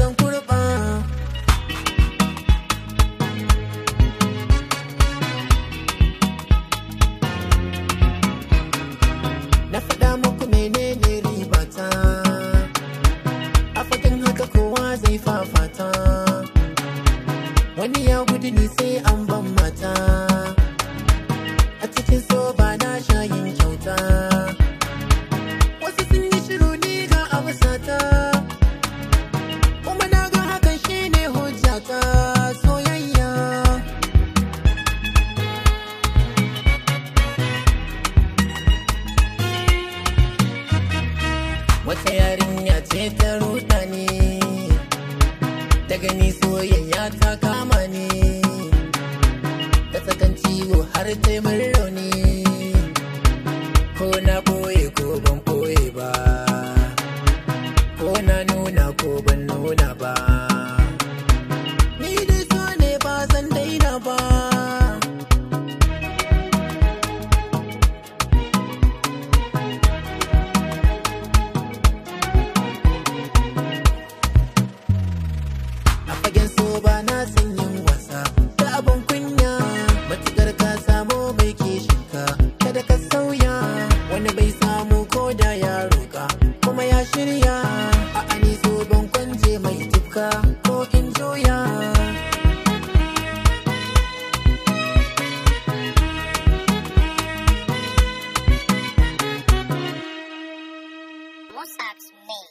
dan kurba na faɗa muku menene ribata a fagen haka kowa zai fafata wani ya gudu ne sai an wata yarinya ce ta ruta ni ta gani soyayya ta kama ni ta sakan ciwo har ta rauni ko na boye ko ban ka Go enjoy ya